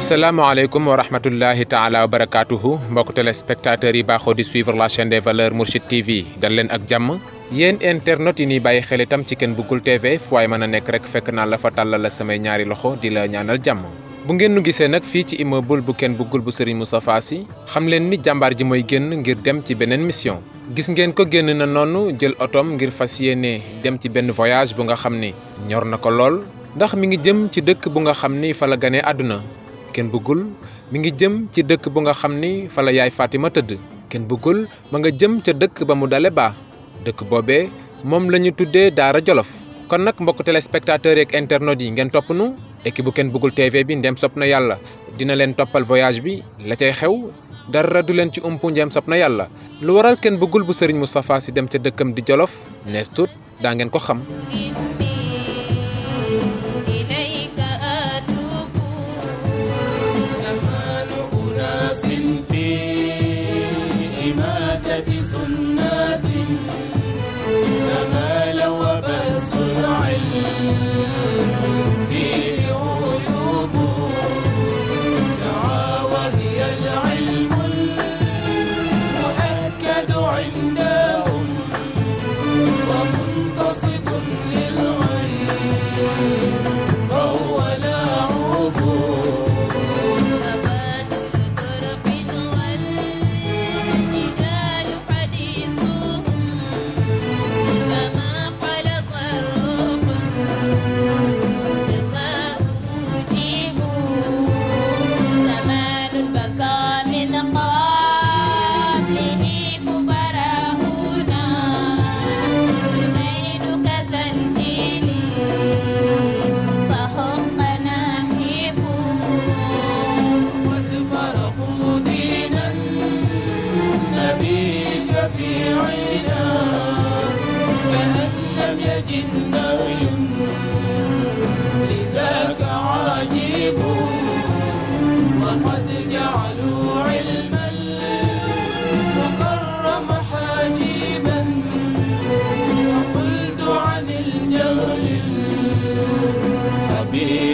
Assalamualaikum warahmatullahi taala wabarakatuh barakaatuhu mbokk téléspectateurs yi di suivre la chaîne des valeurs Mourchid TV dal len ak jàmm yéen internet yi ñuy bàyyi xel itam ci Ken Bougoul TV fu mana mën rek fekk naa la fa tàllal ñaari loxo di la ñaanal jàmm. bu ngeen nu gisee nag fii ci immeuble bu Ken Bougoul bu Serigne Moustapha Sy xam leen ni jàmbaar ji mooy génn ngir dem ci beneen mission. gis ngeen ko génn na noonu jël ngir fasiyene dem ci voyage bu nga xam ñor na ko ndax mi ngi jëm ci bu nga fa la Ken bugul mi ngi jëm ci dëkk bu nga xam ni fa la yaay Fatima tëdd kenn bëggul ma nga jëm ca dëkk ba mu dale baa dëkk Daara Jolof kon nag mbokk téléspectateurs ek internautes yi ngeen topp nu équipe bu kenn TV bi ndem sopp na yàlla dina len topal voyage bi la cay xew dara du len ci umpu ndem sopp na yàlla lu waral kenn bëggul bu Serigne Moustapha dem ca dëkkam di Jolof nees tuut ngeen ko xam. me.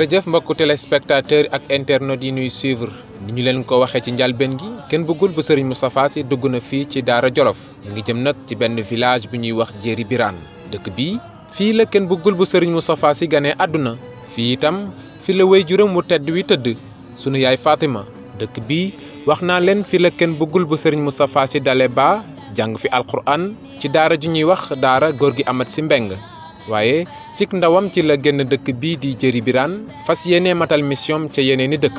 jërëjëf mbokku téléspectateur ak internautes yi ñuy suivre ni ñu leen ko waxee ci njalbeen gi kenn bëggul bu sëriñ Moustapha Sy dugg na fii ci Daara Jolof ñu ngi jëm nag ci benn village bu ñuy wax Jéeri Biraan dëkk bii fii la kenn bëggul bu sëriñ Moustapha Sy ganee àdduna fii itam fi la wéy juróom mu tedd wi tëdd sunu yaay Fatima dëkk bii wax naa leen fi la kenn bëggul bu sëriñ Moustapha Sy dale baa jàng fi alquran ci daara ju ñuy wax daara góor gi amat si cik ndawam ci la génn dëkk bii di Jëri Birane fas yéene matal mission ca yeneeni dëkk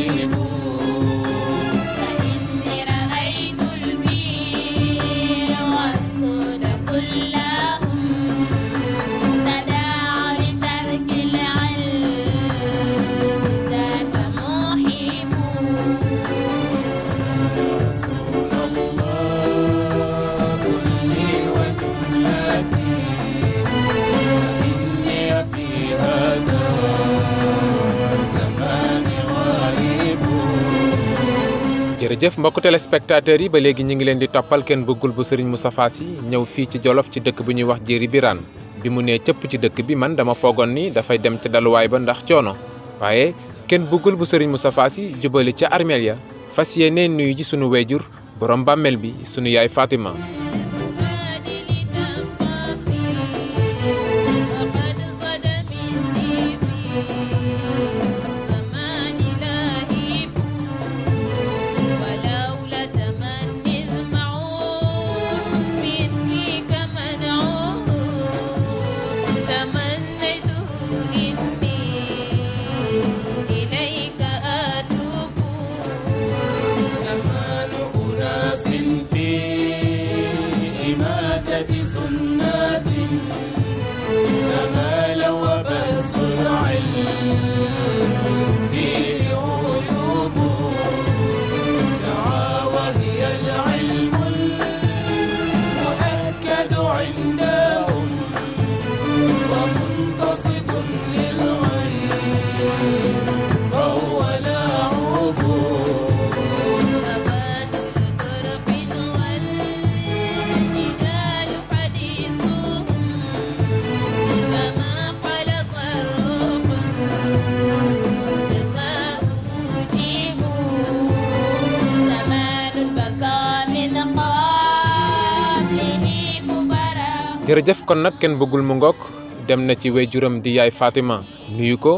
Ibrahim jërëjëf mbokk téléspectateurs yi ba léegi ñu ngi leen di toppal kenn bëggul bu Serigne Moustapha Sy ñëw fii ci Jolof ci dëkk bu ñuy wax Jéeri Birane bi mu nee cëpp ci dëkk bi man dama foogoon ni dafay dem ci daluwaay ba ndax coono waaye kenn bëggul bu jubali ya fas yéenee nuyu ji sunu borom bi sunu yaay Fatima. jërëjëf kon nag kenn bëggul mu ngoog dem na ci waajuram di yaay Fatima nuyu ko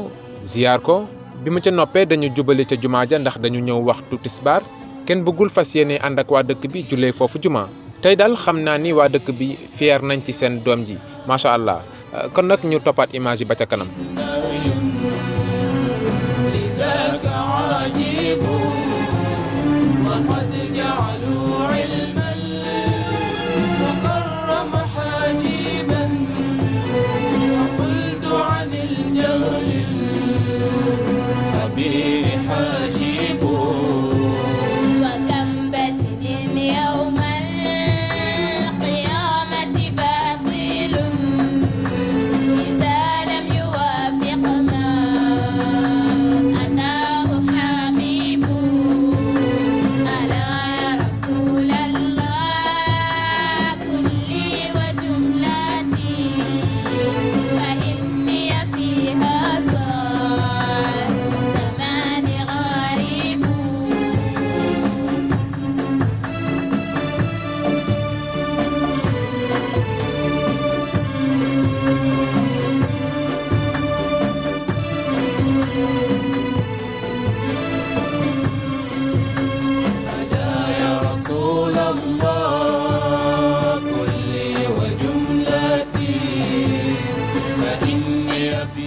ziyaar ko bi ma ca noppee dañu jubale ca jumaa ja ndax dañu ñëw waxtu tisbaar kenn bëggul fas yéene ànd ak waa dëkk bi jullee foofu jumaa tey daal xam naa ni waa dëkk bi fier nañ ci seen doom ji macha allah kon nag ñu toppaat image ba ca kanam. قد جعلوا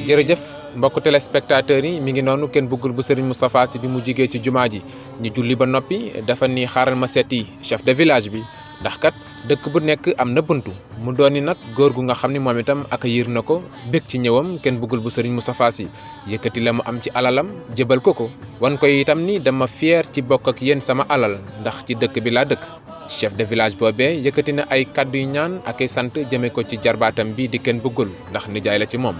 jërëjëf mbokk téléspectateurs yi mi ngi noonu kenn bëggul bu Serigne Moustapha Sy bi mu jigee ci jumaa ji ñu julli ba noppi dafa ni xaaral ma seeti chef de village bi ndax kat dëkk bu nekk am na buntu mu doon ni nag góor gu nga xam ni moom itam ak yiir na ko bég ci ñëwam kenn bëggul bu Serigne Moustapha Sy yëkkati la mu am ci alalam jëbal ko ko wan koy itam ni dama fiere ci bokk ak yéen sama alal ndax ci dëkk bi laa dëkk chef de village boobee yëkkati na ay kàddu yu ñaan ak sant jëme ko ci jarbaatam bi di kenn bëggul ndax nijaay la ci moom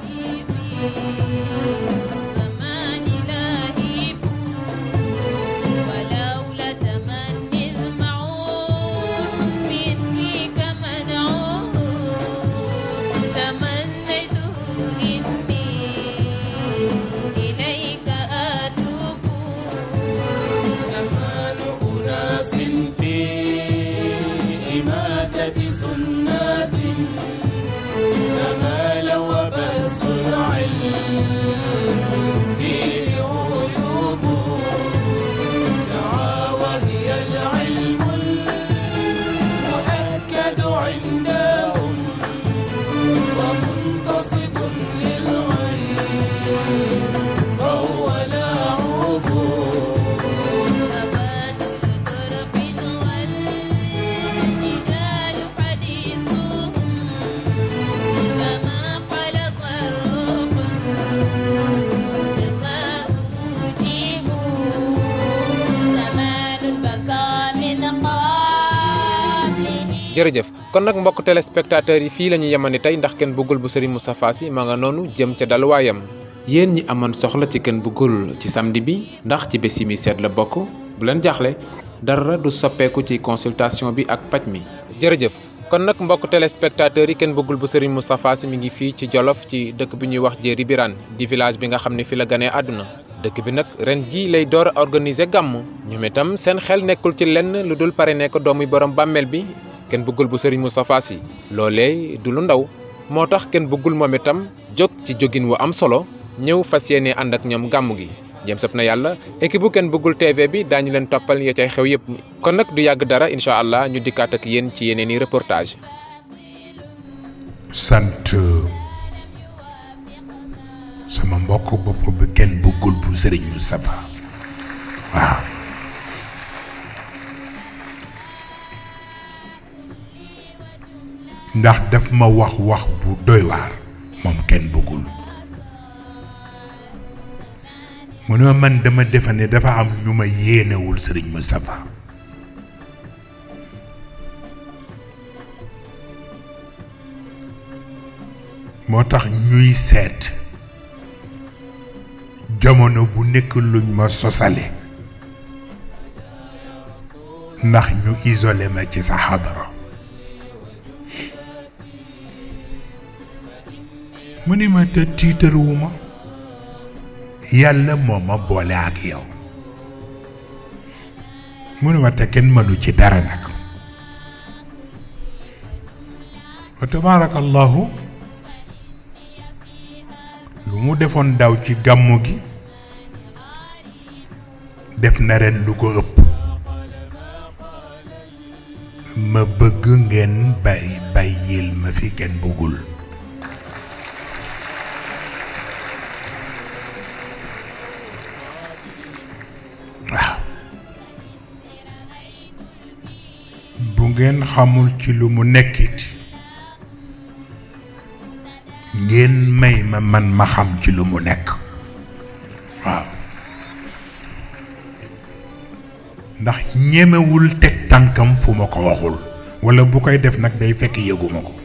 jërëjëf kon nag mbokk téléspectateurs yi fii la ñu yemani tey ndax kenn bëggul bu Serigne Moustapha nyaman ma nga noonu jëm ca dalwaayam yéen ñi amoon soxla ci kenn bëggul ci samedi bi ndax ci bés mi seet la bokk bu leen jaaxle dara du soppeeku ci consultation bi ak paj mi jërëjëf kon nag mbokk téléspectateurs yi bëggul bu Serigne mi ngi ci Jolof ci dëkk bi ñuy wax di village bi nga xam fi la ganee àdduna dëkk bi nag ren ji lay door a organiser gàmm ñoom itam seen xel nekkul ci lenn lu dul pare doomu borom bi Ken bëggul bu sëriñ Moustapha Sy loolee du lu ndaw moo tax kenn bëggul moom itam ci jógin wu am solo ñëw fas yéene ànd ak ñoom gàmm gi jëm sëb na yàlla équipe bu kenn bëggul TV bi daañu leen toppal ya cay xew yëpp kon nag du yàgg dara incha allah ñu dikkaat ak yéen ci yeneen reportage. sant sama mbokk bopp bi kenn bëggul bu sëriñ Moustapha waaw. ndax daf ma wax wax bu doy waar moom kenn bëggul mu ne man dama defe ne dafa am ñu ma yéenewul sëriñ Moustapha moo tax ñuy seet jamono bu nekk luñ ma sosale ndax ñu isolé ma ci sa xadara mu ni ma te tiitaruwu ma yàlla moo ma boole ak yow mu ni ma te kenn mënu ci dara nag lu mu defoon daw ci gàmmu gi def na ren lu ko ëpp ma bëgg ngeen bàyyil ma fi kenn bëggul ngeen xamul ci lu mu nekkit ngeen may ma man ma xam ci lu mu nekk waaw ndax ñemewul teg tànkam fu ma ko waxul walla bu koy def nag day fekk yëguma ko